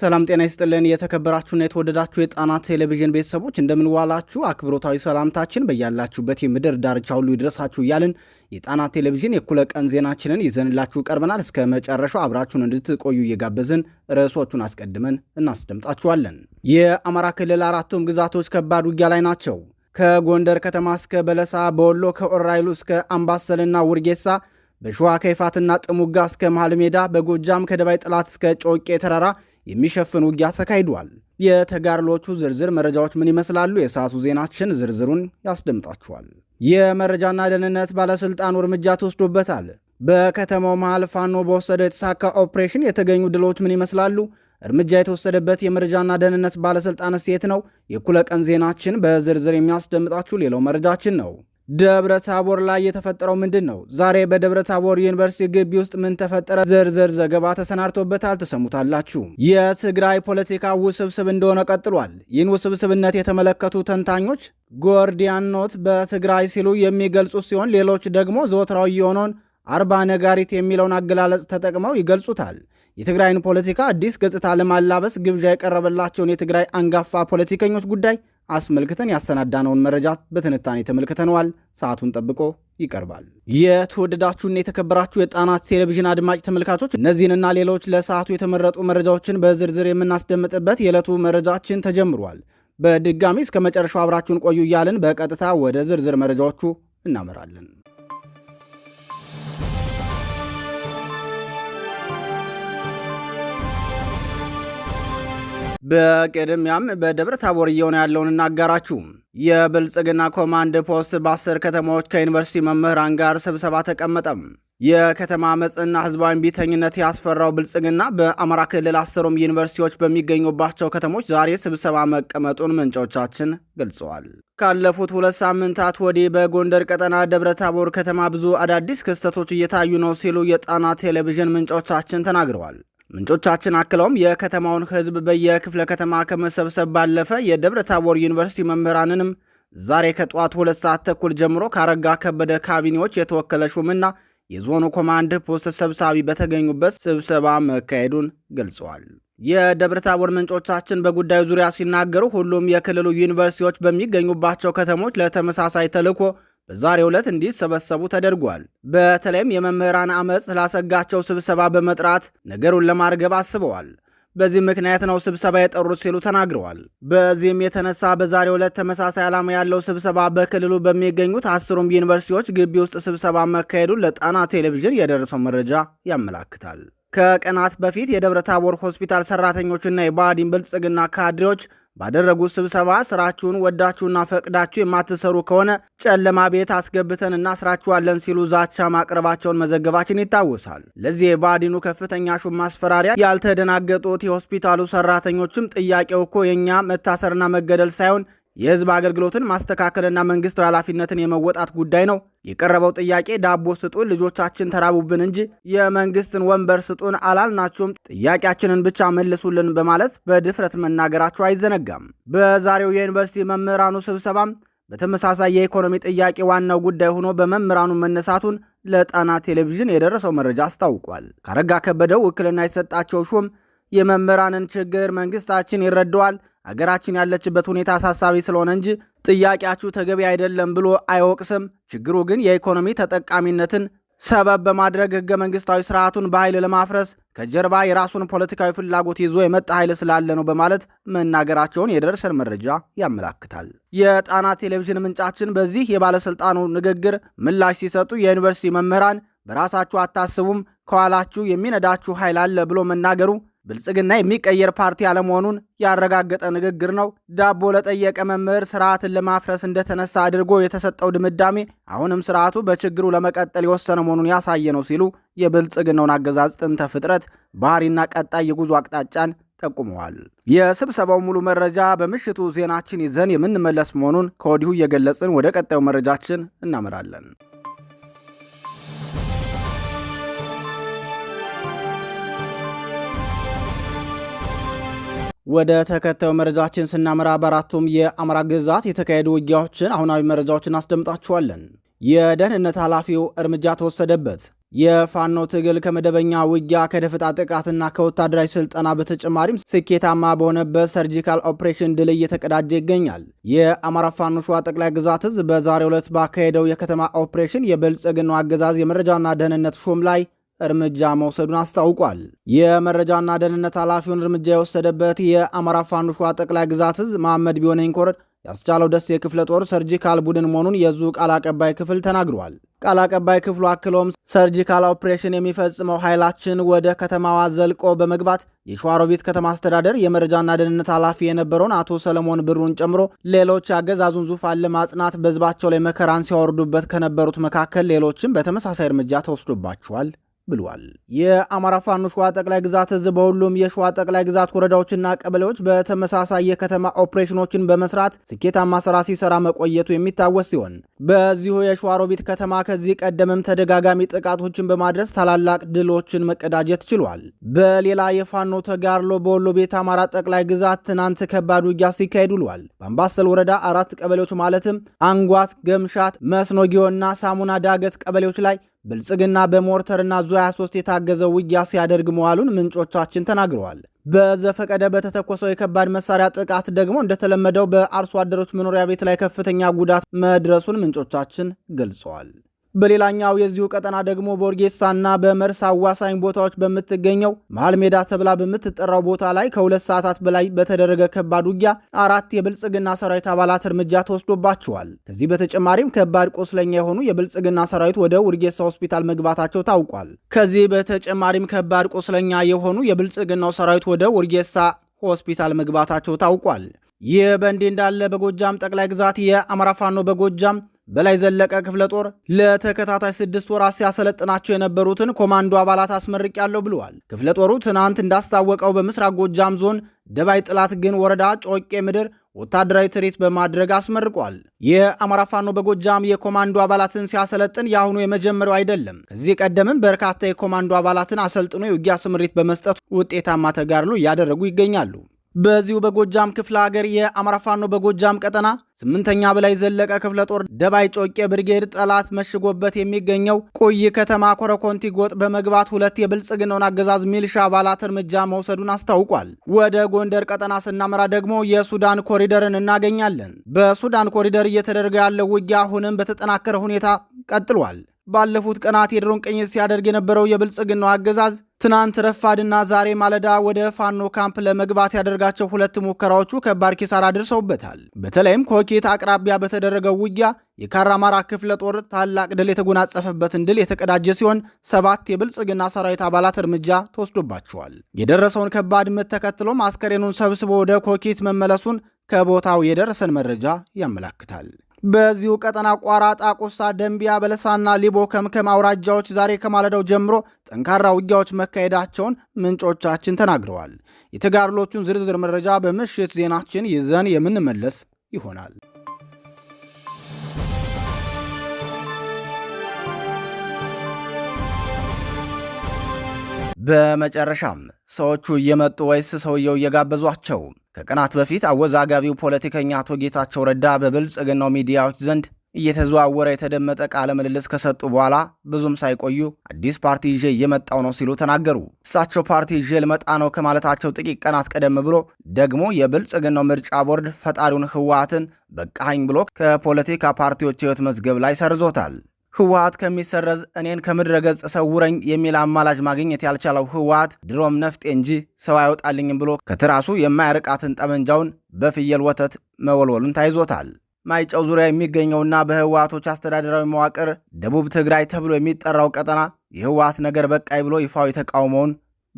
ሰላም ጤና ይስጥልን። የተከበራችሁና የተወደዳችሁ የጣና ቴሌቪዥን ቤተሰቦች እንደምንዋላችሁ፣ አክብሮታዊ ሰላምታችን በያላችሁበት የምድር ዳርቻ ሁሉ ይድረሳችሁ እያልን የጣና ቴሌቪዥን የእኩለ ቀን ዜናችንን ይዘንላችሁ ቀርበናል። እስከ መጨረሻው አብራችሁን እንድትቆዩ እየጋበዝን ርዕሶቹን አስቀድመን እናስደምጣችኋለን። የአማራ ክልል አራቱም ግዛቶች ከባድ ውጊያ ላይ ናቸው። ከጎንደር ከተማ እስከ በለሳ፣ በወሎ ከኦራይሉ እስከ አምባሰልና ውርጌሳ በሸዋ ከይፋትና ጥሙጋ እስከ መሃል ሜዳ፣ በጎጃም ከደባይ ጥላት እስከ ጮቄ ተራራ የሚሸፍን ውጊያ ተካሂዷል። የተጋድሎቹ ዝርዝር መረጃዎች ምን ይመስላሉ? የሰዓቱ ዜናችን ዝርዝሩን ያስደምጣችኋል። የመረጃና ደህንነት ባለስልጣኑ እርምጃ ተወስዶበታል። በከተማው መሃል ፋኖ በወሰደው የተሳካ ኦፕሬሽን የተገኙ ድሎች ምን ይመስላሉ? እርምጃ የተወሰደበት የመረጃና ደህንነት ባለስልጣን ሴት ነው። የእኩለ ቀን ዜናችን በዝርዝር የሚያስደምጣችሁ ሌላው መረጃችን ነው። ደብረ ታቦር ላይ የተፈጠረው ምንድን ነው? ዛሬ በደብረ ታቦር ዩኒቨርሲቲ ግቢ ውስጥ ምን ተፈጠረ? ዝርዝር ዘገባ ተሰናድቶበታል፣ ተሰሙታላችሁ። የትግራይ ፖለቲካ ውስብስብ እንደሆነ ቀጥሏል። ይህን ውስብስብነት የተመለከቱ ተንታኞች ጎርዲያን ኖት በትግራይ ሲሉ የሚገልጹ ሲሆን ሌሎች ደግሞ ዘወትራዊ የሆነውን አርባ ነጋሪት የሚለውን አገላለጽ ተጠቅመው ይገልጹታል። የትግራይን ፖለቲካ አዲስ ገጽታ ለማላበስ ግብዣ የቀረበላቸውን የትግራይ አንጋፋ ፖለቲከኞች ጉዳይ አስመልክተን ያሰናዳነውን መረጃ በትንታኔ ተመልክተነዋል። ሰዓቱን ጠብቆ ይቀርባል። የተወደዳችሁና የተከበራችሁ የጣናት ቴሌቪዥን አድማጭ ተመልካቾች፣ እነዚህንና ሌሎች ለሰዓቱ የተመረጡ መረጃዎችን በዝርዝር የምናስደምጥበት የዕለቱ መረጃችን ተጀምሯል። በድጋሚ እስከ መጨረሻው አብራችሁን ቆዩ እያልን በቀጥታ ወደ ዝርዝር መረጃዎቹ እናመራለን። በቅድሚያም በደብረ ታቦር እየሆነ ያለውን እናጋራችሁ። የብልጽግና ኮማንድ ፖስት በአስር ከተማዎች ከዩኒቨርሲቲ መምህራን ጋር ስብሰባ ተቀመጠም። የከተማ አመፅና ህዝባዊ ቢተኝነት ያስፈራው ብልጽግና በአማራ ክልል አስሩም ዩኒቨርሲቲዎች በሚገኙባቸው ከተሞች ዛሬ ስብሰባ መቀመጡን ምንጮቻችን ገልጸዋል። ካለፉት ሁለት ሳምንታት ወዲህ በጎንደር ቀጠና ደብረ ታቦር ከተማ ብዙ አዳዲስ ክስተቶች እየታዩ ነው ሲሉ የጣና ቴሌቪዥን ምንጮቻችን ተናግረዋል። ምንጮቻችን አክለውም የከተማውን ህዝብ በየክፍለ ከተማ ከመሰብሰብ ባለፈ የደብረ ታቦር ዩኒቨርሲቲ መምህራንንም ዛሬ ከጠዋት ሁለት ሰዓት ተኩል ጀምሮ ካረጋ ከበደ ካቢኔዎች የተወከለ ሹምና የዞኑ ኮማንድ ፖስት ሰብሳቢ በተገኙበት ስብሰባ መካሄዱን ገልጸዋል። የደብረ ታቦር ምንጮቻችን በጉዳዩ ዙሪያ ሲናገሩ ሁሉም የክልሉ ዩኒቨርሲቲዎች በሚገኙባቸው ከተሞች ለተመሳሳይ ተልዕኮ በዛሬ ዕለት እንዲሰበሰቡ ተደርጓል። በተለይም የመምህራን አመፅ ስላሰጋቸው ስብሰባ በመጥራት ነገሩን ለማርገብ አስበዋል። በዚህ ምክንያት ነው ስብሰባ የጠሩት ሲሉ ተናግረዋል። በዚህም የተነሳ በዛሬ ዕለት ተመሳሳይ ዓላማ ያለው ስብሰባ በክልሉ በሚገኙት አስሩም ዩኒቨርሲቲዎች ግቢ ውስጥ ስብሰባ መካሄዱን ለጣና ቴሌቪዥን የደረሰው መረጃ ያመላክታል። ከቀናት በፊት የደብረ ታቦር ሆስፒታል ሰራተኞችና የባዲን ብልጽግና ካድሬዎች ባደረጉት ስብሰባ ስራችሁን ወዳችሁና ፈቅዳችሁ የማትሰሩ ከሆነ ጨለማ ቤት አስገብተን እናስራችኋለን ሲሉ ዛቻ ማቅረባቸውን መዘገባችን ይታወሳል። ለዚህ የባዲኑ ከፍተኛ ሹም ማስፈራሪያ ያልተደናገጡት የሆስፒታሉ ሰራተኞችም ጥያቄው እኮ የእኛ መታሰርና መገደል ሳይሆን የህዝብ አገልግሎትን ማስተካከልና መንግስታዊ ኃላፊነትን የመወጣት ጉዳይ ነው። የቀረበው ጥያቄ ዳቦ ስጡን፣ ልጆቻችን ተራቡብን እንጂ የመንግስትን ወንበር ስጡን አላልናችሁም፣ ጥያቄያችንን ብቻ መልሱልን በማለት በድፍረት መናገራቸው አይዘነጋም። በዛሬው የዩኒቨርሲቲ መምህራኑ ስብሰባም በተመሳሳይ የኢኮኖሚ ጥያቄ ዋናው ጉዳይ ሆኖ በመምህራኑ መነሳቱን ለጣና ቴሌቪዥን የደረሰው መረጃ አስታውቋል። ካረጋ ከበደው ውክልና የሰጣቸው ሹም የመምህራንን ችግር መንግስታችን ይረደዋል አገራችን ያለችበት ሁኔታ አሳሳቢ ስለሆነ እንጂ ጥያቄያችሁ ተገቢ አይደለም ብሎ አይወቅስም። ችግሩ ግን የኢኮኖሚ ተጠቃሚነትን ሰበብ በማድረግ ህገ መንግስታዊ ስርዓቱን በኃይል ለማፍረስ ከጀርባ የራሱን ፖለቲካዊ ፍላጎት ይዞ የመጣ ኃይል ስላለ ነው በማለት መናገራቸውን የደረሰን መረጃ ያመላክታል። የጣና ቴሌቪዥን ምንጫችን በዚህ የባለስልጣኑ ንግግር ምላሽ ሲሰጡ የዩኒቨርሲቲ መምህራን በራሳችሁ አታስቡም፣ ከኋላችሁ የሚነዳችሁ ኃይል አለ ብሎ መናገሩ ብልጽግና የሚቀየር ፓርቲ አለመሆኑን ያረጋገጠ ንግግር ነው። ዳቦ ለጠየቀ መምህር ስርዓትን ለማፍረስ እንደተነሳ አድርጎ የተሰጠው ድምዳሜ አሁንም ስርዓቱ በችግሩ ለመቀጠል የወሰነ መሆኑን ያሳየ ነው ሲሉ የብልጽግናውን አገዛዝ ጥንተ ፍጥረት ባህሪና ቀጣይ የጉዞ አቅጣጫን ጠቁመዋል። የስብሰባው ሙሉ መረጃ በምሽቱ ዜናችን ይዘን የምንመለስ መሆኑን ከወዲሁ እየገለጽን ወደ ቀጣዩ መረጃችን እናመራለን። ወደ ተከታዩ መረጃችን ስናመራ በአራቱም የአማራ ግዛት የተካሄዱ ውጊያዎችን አሁናዊ መረጃዎችን አስደምጣችኋለን። የደህንነት ኃላፊው እርምጃ ተወሰደበት። የፋኖ ትግል ከመደበኛ ውጊያ ከደፈጣ ጥቃትና ከወታደራዊ ስልጠና በተጨማሪም ስኬታማ በሆነበት ሰርጂካል ኦፕሬሽን ድል እየተቀዳጀ ይገኛል። የአማራ ፋኖ ሸዋ ጠቅላይ ግዛት እዝ በዛሬው ዕለት ባካሄደው የከተማ ኦፕሬሽን የብልጽግናው አገዛዝ የመረጃና ደህንነት ሹም ላይ እርምጃ መውሰዱን አስታውቋል። የመረጃና ደህንነት ኃላፊውን እርምጃ የወሰደበት የአማራ ፋኖ ሸዋ ጠቅላይ ግዛት እዝ መሐመድ ቢሆነኝ ኮር ያስቻለው ደሴ የክፍለ ጦር ሰርጂካል ቡድን መሆኑን የዙ ቃል አቀባይ ክፍል ተናግሯል። ቃል አቀባይ ክፍሉ አክሎም ሰርጂካል ኦፕሬሽን የሚፈጽመው ኃይላችን ወደ ከተማዋ ዘልቆ በመግባት የሸዋሮቢት ከተማ አስተዳደር የመረጃና ደህንነት ኃላፊ የነበረውን አቶ ሰለሞን ብሩን ጨምሮ ሌሎች አገዛዙን ዙፋን ለማጽናት በህዝባቸው ላይ መከራን ሲያወርዱበት ከነበሩት መካከል ሌሎችም በተመሳሳይ እርምጃ ተወስዶባቸዋል ብሏል። የአማራ ፋኖ ሸዋ ጠቅላይ ግዛት እዝ በሁሉም የሸዋ ጠቅላይ ግዛት ወረዳዎችና ቀበሌዎች በተመሳሳይ የከተማ ኦፕሬሽኖችን በመስራት ስኬታማ ስራ ሲሰራ መቆየቱ የሚታወስ ሲሆን በዚሁ የሸዋሮቢት ከተማ ከዚህ ቀደምም ተደጋጋሚ ጥቃቶችን በማድረስ ታላላቅ ድሎችን መቀዳጀት ችሏል። በሌላ የፋኖ ተጋድሎ በወሎ ቤት አማራ ጠቅላይ ግዛት ትናንት ከባድ ውጊያ ሲካሄድ ውሏል። በአምባሰል ወረዳ አራት ቀበሌዎች ማለትም አንጓት፣ ገምሻት፣ መስኖ ሳሙና ዳገት ቀበሌዎች ላይ ብልጽግና በሞርተርና ዙ 23 የታገዘ ውጊያ ሲያደርግ መዋሉን ምንጮቻችን ተናግረዋል። በዘፈቀደ በተተኮሰው የከባድ መሳሪያ ጥቃት ደግሞ እንደተለመደው በአርሶ አደሮች መኖሪያ ቤት ላይ ከፍተኛ ጉዳት መድረሱን ምንጮቻችን ገልጸዋል። በሌላኛው የዚሁ ቀጠና ደግሞ በኦርጌሳና በመርስ አዋሳኝ ቦታዎች በምትገኘው መሃል ሜዳ ተብላ በምትጠራው ቦታ ላይ ከሁለት ሰዓታት በላይ በተደረገ ከባድ ውጊያ አራት የብልጽግና ሰራዊት አባላት እርምጃ ተወስዶባቸዋል። ከዚህ በተጨማሪም ከባድ ቆስለኛ የሆኑ የብልጽግና ሰራዊት ወደ ውርጌሳ ሆስፒታል መግባታቸው ታውቋል። ከዚህ በተጨማሪም ከባድ ቆስለኛ የሆኑ የብልጽግናው ሰራዊት ወደ ውርጌሳ ሆስፒታል መግባታቸው ታውቋል። ይህ በእንዲህ እንዳለ በጎጃም ጠቅላይ ግዛት የአማራ ፋኖ በጎጃም በላይ ዘለቀ ክፍለ ጦር ለተከታታይ ስድስት ወራት ሲያሰለጥናቸው የነበሩትን ኮማንዶ አባላት አስመርቂያለሁ ብለዋል። ክፍለ ጦሩ ትናንት እንዳስታወቀው በምስራቅ ጎጃም ዞን ደባይ ጥላት ግን ወረዳ ጮቄ ምድር ወታደራዊ ትርኢት በማድረግ አስመርቋል። የአማራ ፋኖ በጎጃም የኮማንዶ አባላትን ሲያሰለጥን የአሁኑ የመጀመሪያው አይደለም። ከዚህ ቀደምም በርካታ የኮማንዶ አባላትን አሰልጥኖ የውጊያ ስምሪት በመስጠት ውጤታማ ተጋድሎ እያደረጉ ይገኛሉ። በዚሁ በጎጃም ክፍለ ሀገር የአማራ ፋኖ በጎጃም ቀጠና ስምንተኛ በላይ ዘለቀ ክፍለ ጦር ደባይ ጮቄ ብርጌድ ጠላት መሽጎበት የሚገኘው ቁይ ከተማ ኮረኮንቲ ጎጥ በመግባት ሁለት የብልጽግናውን አገዛዝ ሚልሻ አባላት እርምጃ መውሰዱን አስታውቋል። ወደ ጎንደር ቀጠና ስናመራ ደግሞ የሱዳን ኮሪደርን እናገኛለን። በሱዳን ኮሪደር እየተደረገ ያለው ውጊያ አሁንም በተጠናከረ ሁኔታ ቀጥሏል። ባለፉት ቀናት የድሮን ቅኝት ሲያደርግ የነበረው የብልጽግናው አገዛዝ ትናንት ረፋድና ዛሬ ማለዳ ወደ ፋኖ ካምፕ ለመግባት ያደርጋቸው ሁለት ሙከራዎቹ ከባድ ኪሳራ አድርሰውበታል። በተለይም ኮኬት አቅራቢያ በተደረገው ውጊያ የካራማራ ክፍለ ጦር ታላቅ ድል የተጎናጸፈበትን ድል የተቀዳጀ ሲሆን ሰባት የብልጽግና ሰራዊት አባላት እርምጃ ተወስዶባቸዋል። የደረሰውን ከባድ ምት ተከትሎም አስከሬኑን ሰብስቦ ወደ ኮኬት መመለሱን ከቦታው የደረሰን መረጃ ያመላክታል። በዚሁ ቀጠና ቋራ፣ ጣቁሳ፣ ደንቢያ፣ በለሳና ሊቦ ከምከም አውራጃዎች ዛሬ ከማለዳው ጀምሮ ጠንካራ ውጊያዎች መካሄዳቸውን ምንጮቻችን ተናግረዋል። የተጋድሎቹን ዝርዝር መረጃ በምሽት ዜናችን ይዘን የምንመለስ ይሆናል። በመጨረሻም ሰዎቹ እየመጡ ወይስ ሰውየው እየጋበዟቸው? ከቀናት በፊት አወዛጋቢው ፖለቲከኛ አቶ ጌታቸው ረዳ በብልጽግናው ሚዲያዎች ዘንድ እየተዘዋወረ የተደመጠ ቃለ ምልልስ ከሰጡ በኋላ ብዙም ሳይቆዩ አዲስ ፓርቲ ይዤ እየመጣው ነው ሲሉ ተናገሩ። እሳቸው ፓርቲ ይዤ ልመጣ ነው ከማለታቸው ጥቂት ቀናት ቀደም ብሎ ደግሞ የብልጽግናው ምርጫ ቦርድ ፈጣሪውን ህወሓትን በቃኝ ብሎ ከፖለቲካ ፓርቲዎች ህይወት መዝገብ ላይ ሰርዞታል። ህወሀት ከሚሰረዝ እኔን ከምድረ ገጽ ሰውረኝ የሚል አማላጅ ማግኘት ያልቻለው ህወሀት ድሮም ነፍጤ እንጂ ሰው አይወጣልኝም ብሎ ከትራሱ የማይርቃትን ጠመንጃውን በፍየል ወተት መወልወሉን ታይዞታል። ማይጨው ዙሪያ የሚገኘውና በህወሀቶች አስተዳደራዊ መዋቅር ደቡብ ትግራይ ተብሎ የሚጠራው ቀጠና የህወሀት ነገር በቃይ ብሎ ይፋዊ ተቃውሞውን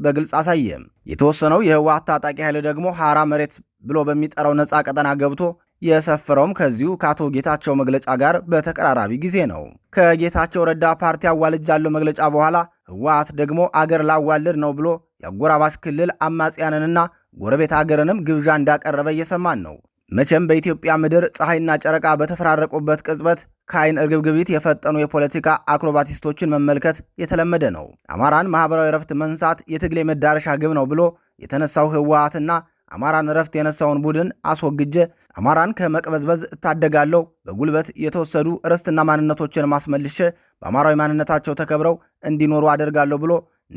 በግልጽ አሳየም። የተወሰነው የህወሀት ታጣቂ ኃይል ደግሞ ሐራ መሬት ብሎ በሚጠራው ነፃ ቀጠና ገብቶ የሰፈረውም ከዚሁ ከአቶ ጌታቸው መግለጫ ጋር በተቀራራቢ ጊዜ ነው። ከጌታቸው ረዳ ፓርቲ አዋልጃለሁ መግለጫ በኋላ ህወሓት ደግሞ አገር ላዋልድ ነው ብሎ የአጎራባች ክልል አማጽያንንና ጎረቤት አገርንም ግብዣ እንዳቀረበ እየሰማን ነው። መቼም በኢትዮጵያ ምድር ፀሐይና ጨረቃ በተፈራረቁበት ቅጽበት ከአይን እርግብግቢት የፈጠኑ የፖለቲካ አክሮባቲስቶችን መመልከት የተለመደ ነው። አማራን ማኅበራዊ ረፍት መንሳት የትግሌ መዳረሻ ግብ ነው ብሎ የተነሳው ህወሓትና አማራን እረፍት የነሳውን ቡድን አስወግጄ አማራን ከመቅበዝበዝ እታደጋለሁ። በጉልበት የተወሰዱ ርስትና ማንነቶችን ማስመልሼ በአማራዊ ማንነታቸው ተከብረው እንዲኖሩ አደርጋለሁ ብሎ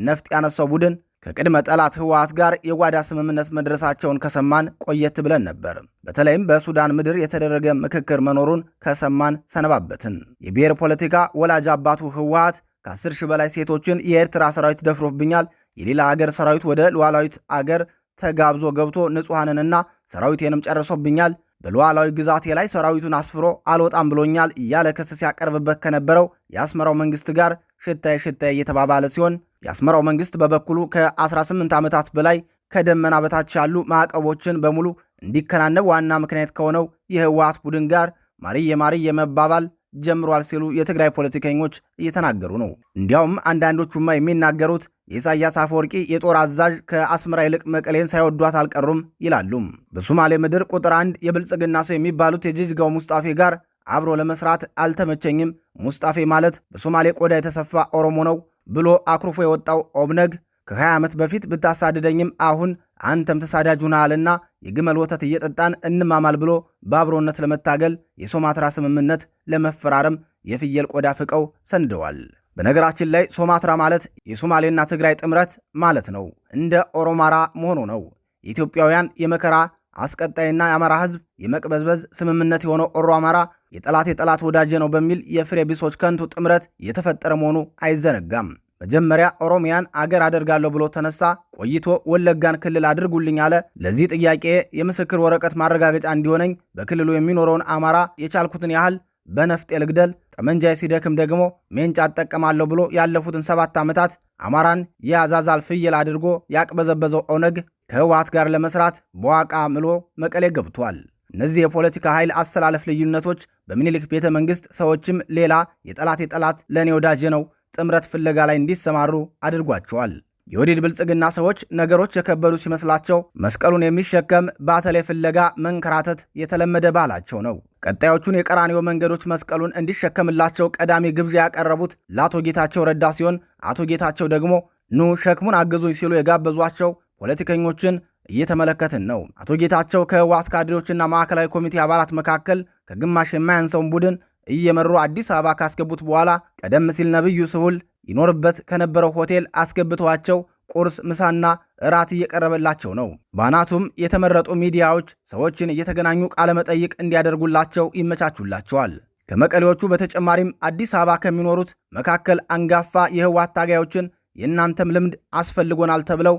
ነፍጥ ያነሳው ቡድን ከቅድመ ጠላት ህወሓት ጋር የጓዳ ስምምነት መድረሳቸውን ከሰማን ቆየት ብለን ነበር። በተለይም በሱዳን ምድር የተደረገ ምክክር መኖሩን ከሰማን ሰነባበትን። የብሔር ፖለቲካ ወላጅ አባቱ ህወሓት ከአስር ሺህ በላይ ሴቶችን የኤርትራ ሰራዊት ደፍሮብኛል፣ የሌላ አገር ሰራዊት ወደ ሉዓላዊት አገር ተጋብዞ ገብቶ ንጹሐንንና ሰራዊቴንም ጨርሶብኛል፣ በሉዓላዊ ግዛቴ ላይ ሰራዊቱን አስፍሮ አልወጣም ብሎኛል እያለ ክስ ሲያቀርብበት ከነበረው የአስመራው መንግስት ጋር ሽታይ ሽታይ እየተባባለ ሲሆን የአስመራው መንግስት በበኩሉ ከ18 ዓመታት በላይ ከደመና በታች ያሉ ማዕቀቦችን በሙሉ እንዲከናነብ ዋና ምክንያት ከሆነው የህወሓት ቡድን ጋር ማርየ ማርየ መባባል ጀምሯል ሲሉ የትግራይ ፖለቲከኞች እየተናገሩ ነው። እንዲያውም አንዳንዶቹማ የሚናገሩት የኢሳያስ አፈወርቂ የጦር አዛዥ ከአስመራ ይልቅ መቀሌን ሳይወዷት አልቀሩም ይላሉም። በሶማሌ ምድር ቁጥር አንድ የብልጽግና ሰው የሚባሉት የጅጅጋው ሙስጣፌ ጋር አብሮ ለመስራት አልተመቸኝም፣ ሙስጣፌ ማለት በሶማሌ ቆዳ የተሰፋ ኦሮሞ ነው ብሎ አኩርፎ የወጣው ኦብነግ ከ20 ዓመት በፊት ብታሳድደኝም አሁን አንተም ተሳዳጅ ሆነሃልና የግመል ወተት እየጠጣን እንማማል ብሎ በአብሮነት ለመታገል የሶማትራ ስምምነት ለመፈራረም የፍየል ቆዳ ፍቀው ሰንደዋል። በነገራችን ላይ ሶማትራ ማለት የሶማሌና ትግራይ ጥምረት ማለት ነው። እንደ ኦሮማራ መሆኑ ነው። የኢትዮጵያውያን የመከራ አስቀጣይና የአማራ ሕዝብ የመቅበዝበዝ ስምምነት የሆነው ኦሮ አማራ የጠላት የጠላት ወዳጄ ነው በሚል የፍሬ ቢሶች ከንቱ ጥምረት የተፈጠረ መሆኑ አይዘነጋም። መጀመሪያ ኦሮሚያን አገር አደርጋለሁ ብሎ ተነሳ። ቆይቶ ወለጋን ክልል አድርጉልኝ አለ። ለዚህ ጥያቄ የምስክር ወረቀት ማረጋገጫ እንዲሆነኝ በክልሉ የሚኖረውን አማራ የቻልኩትን ያህል በነፍጤ ልግደል፣ ጠመንጃይ ሲደክም ደግሞ ሜንጫ ጠቀማለሁ ብሎ ያለፉትን ሰባት ዓመታት አማራን የአዛዛል ፍየል አድርጎ ያቅበዘበዘው ኦነግ ከህወሓት ጋር ለመስራት በዋቃ ምሎ መቀሌ ገብቷል። እነዚህ የፖለቲካ ኃይል አሰላለፍ ልዩነቶች በሚኒሊክ ቤተ መንግሥት ሰዎችም ሌላ የጠላት የጠላት ለእኔ ወዳጄ ነው ጥምረት ፍለጋ ላይ እንዲሰማሩ አድርጓቸዋል። የወዲድ ብልጽግና ሰዎች ነገሮች የከበዱ ሲመስላቸው መስቀሉን የሚሸከም ባተሌ ፍለጋ መንከራተት የተለመደ ባህላቸው ነው። ቀጣዮቹን የቀራኒዮ መንገዶች መስቀሉን እንዲሸከምላቸው ቀዳሚ ግብዣ ያቀረቡት ለአቶ ጌታቸው ረዳ ሲሆን አቶ ጌታቸው ደግሞ ኑ ሸክሙን አግዙኝ ሲሉ የጋበዟቸው ፖለቲከኞችን እየተመለከትን ነው። አቶ ጌታቸው ከህወሓት ካድሬዎችና ማዕከላዊ ኮሚቴ አባላት መካከል ከግማሽ የማያንሰውን ቡድን እየመሩ አዲስ አበባ ካስገቡት በኋላ ቀደም ሲል ነብዩ ስሁል ይኖርበት ከነበረው ሆቴል አስገብተዋቸው ቁርስ፣ ምሳና እራት እየቀረበላቸው ነው። ባናቱም የተመረጡ ሚዲያዎች ሰዎችን እየተገናኙ ቃለመጠይቅ እንዲያደርጉላቸው ይመቻቹላቸዋል። ከመቀሌዎቹ በተጨማሪም አዲስ አበባ ከሚኖሩት መካከል አንጋፋ የህዋት ታጋዮችን የእናንተም ልምድ አስፈልጎናል ተብለው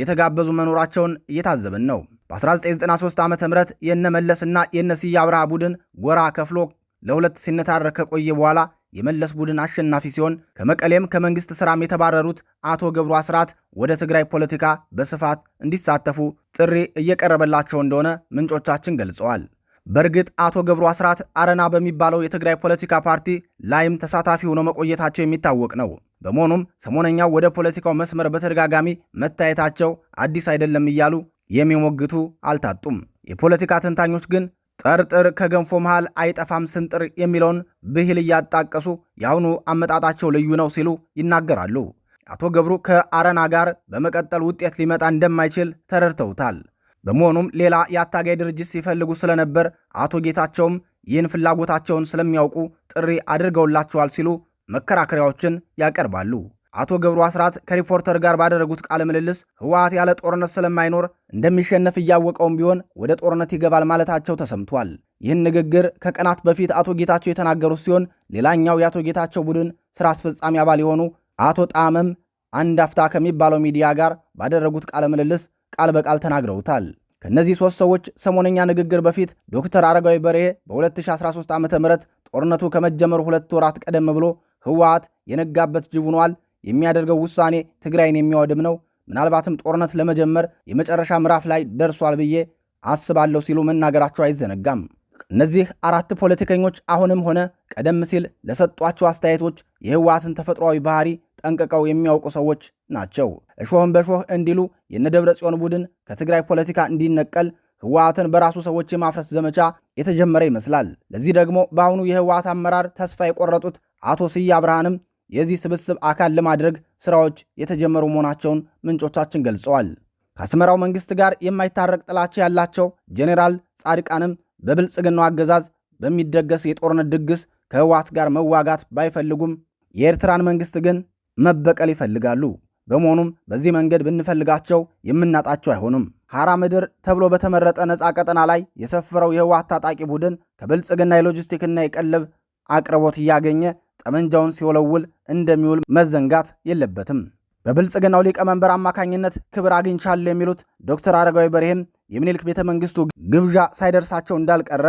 የተጋበዙ መኖራቸውን እየታዘብን ነው። በ1993 ዓ ም የነ መለስና የነ ስዬ አብርሃ ቡድን ጎራ ከፍሎ ለሁለት ሲነታረክ ከቆየ በኋላ የመለስ ቡድን አሸናፊ ሲሆን ከመቀሌም ከመንግስት ስራም የተባረሩት አቶ ገብሩ አስራት ወደ ትግራይ ፖለቲካ በስፋት እንዲሳተፉ ጥሪ እየቀረበላቸው እንደሆነ ምንጮቻችን ገልጸዋል። በእርግጥ አቶ ገብሩ አስራት አረና በሚባለው የትግራይ ፖለቲካ ፓርቲ ላይም ተሳታፊ ሆኖ መቆየታቸው የሚታወቅ ነው። በመሆኑም ሰሞነኛው ወደ ፖለቲካው መስመር በተደጋጋሚ መታየታቸው አዲስ አይደለም እያሉ የሚሞግቱ አልታጡም። የፖለቲካ ተንታኞች ግን ጠርጥር ከገንፎ መሃል አይጠፋም ስንጥር የሚለውን ብሂል እያጣቀሱ የአሁኑ አመጣጣቸው ልዩ ነው ሲሉ ይናገራሉ። አቶ ገብሩ ከአረና ጋር በመቀጠል ውጤት ሊመጣ እንደማይችል ተረድተውታል። በመሆኑም ሌላ የአታጋይ ድርጅት ሲፈልጉ ስለነበር አቶ ጌታቸውም ይህን ፍላጎታቸውን ስለሚያውቁ ጥሪ አድርገውላቸዋል ሲሉ መከራከሪያዎችን ያቀርባሉ። አቶ ገብሩ አስራት ከሪፖርተር ጋር ባደረጉት ቃለ ምልልስ ህወሓት ያለ ጦርነት ስለማይኖር እንደሚሸነፍ እያወቀውም ቢሆን ወደ ጦርነት ይገባል ማለታቸው ተሰምቷል። ይህን ንግግር ከቀናት በፊት አቶ ጌታቸው የተናገሩት ሲሆን ሌላኛው የአቶ ጌታቸው ቡድን ስራ አስፈጻሚ አባል የሆኑ አቶ ጣመም አንድ አፍታ ከሚባለው ሚዲያ ጋር ባደረጉት ቃለ ምልልስ ቃል በቃል ተናግረውታል። ከእነዚህ ሶስት ሰዎች ሰሞነኛ ንግግር በፊት ዶክተር አረጋዊ በርሄ በ2013 ዓ ም ጦርነቱ ከመጀመሩ ሁለት ወራት ቀደም ብሎ ህወሓት የነጋበት ጅብ ሆኗል የሚያደርገው ውሳኔ ትግራይን የሚያወድም ነው፣ ምናልባትም ጦርነት ለመጀመር የመጨረሻ ምዕራፍ ላይ ደርሷል ብዬ አስባለሁ ሲሉ መናገራቸው አይዘነጋም። እነዚህ አራት ፖለቲከኞች አሁንም ሆነ ቀደም ሲል ለሰጧቸው አስተያየቶች የህወሓትን ተፈጥሯዊ ባህሪ ጠንቅቀው የሚያውቁ ሰዎች ናቸው። እሾህን በሾህ እንዲሉ የነደብረ ጽዮን ቡድን ከትግራይ ፖለቲካ እንዲነቀል ህወሓትን በራሱ ሰዎች የማፍረስ ዘመቻ የተጀመረ ይመስላል። ለዚህ ደግሞ በአሁኑ የህወሓት አመራር ተስፋ የቆረጡት አቶ ስዬ አብርሃንም የዚህ ስብስብ አካል ለማድረግ ስራዎች የተጀመሩ መሆናቸውን ምንጮቻችን ገልጸዋል። ከአስመራው መንግስት ጋር የማይታረቅ ጥላቻ ያላቸው ጄኔራል ጻድቃንም በብልጽግናው አገዛዝ በሚደገስ የጦርነት ድግስ ከህወሓት ጋር መዋጋት ባይፈልጉም የኤርትራን መንግስት ግን መበቀል ይፈልጋሉ። በመሆኑም በዚህ መንገድ ብንፈልጋቸው የምናጣቸው አይሆኑም። ሐራ ምድር ተብሎ በተመረጠ ነፃ ቀጠና ላይ የሰፈረው የህወሓት ታጣቂ ቡድን ከብልጽግና የሎጂስቲክና የቀለብ አቅርቦት እያገኘ ጠመንጃውን ሲወለውል እንደሚውል መዘንጋት የለበትም። በብልጽግናው ሊቀመንበር አማካኝነት ክብር አግኝቻለሁ የሚሉት ዶክተር አረጋዊ በርሄም የሚኒልክ ቤተ መንግስቱ ግብዣ ሳይደርሳቸው እንዳልቀረ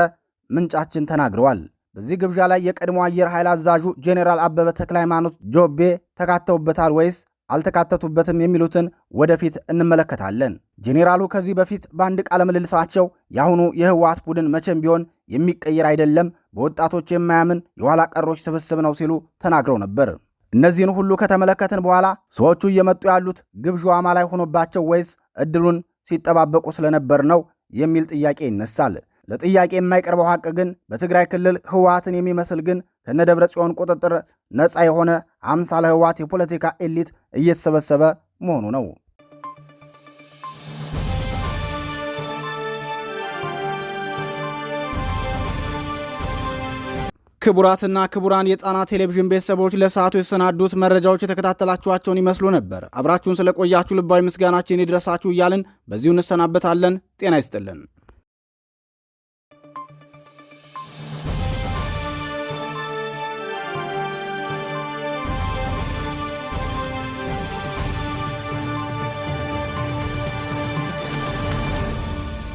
ምንጫችን ተናግረዋል። በዚህ ግብዣ ላይ የቀድሞ አየር ኃይል አዛዡ ጄኔራል አበበ ተክለ ሃይማኖት ጆቤ ተካተውበታል ወይስ አልተካተቱበትም የሚሉትን ወደፊት እንመለከታለን። ጄኔራሉ ከዚህ በፊት በአንድ ቃለ ምልልሳቸው የአሁኑ የህወሓት ቡድን መቼም ቢሆን የሚቀይር አይደለም፣ በወጣቶች የማያምን የኋላ ቀሮች ስብስብ ነው ሲሉ ተናግረው ነበር። እነዚህን ሁሉ ከተመለከትን በኋላ ሰዎቹ እየመጡ ያሉት ግብዣ አማ ላይ ሆኖባቸው ወይስ እድሉን ሲጠባበቁ ስለነበር ነው የሚል ጥያቄ ይነሳል። ለጥያቄ የማይቀርበው ሀቅ ግን በትግራይ ክልል ህወሓትን የሚመስል ግን ከነ ደብረ ጽዮን ቁጥጥር ነፃ የሆነ አምሳለ ህወሓት የፖለቲካ ኤሊት እየተሰበሰበ መሆኑ ነው። ክቡራትና ክቡራን የጣና ቴሌቪዥን ቤተሰቦች ለሰዓቱ የተሰናዱት መረጃዎች የተከታተላችኋቸውን ይመስሉ ነበር። አብራችሁን ስለቆያችሁ ልባዊ ምስጋናችን ይድረሳችሁ እያልን በዚሁ እንሰናበታለን። ጤና ይስጥልን።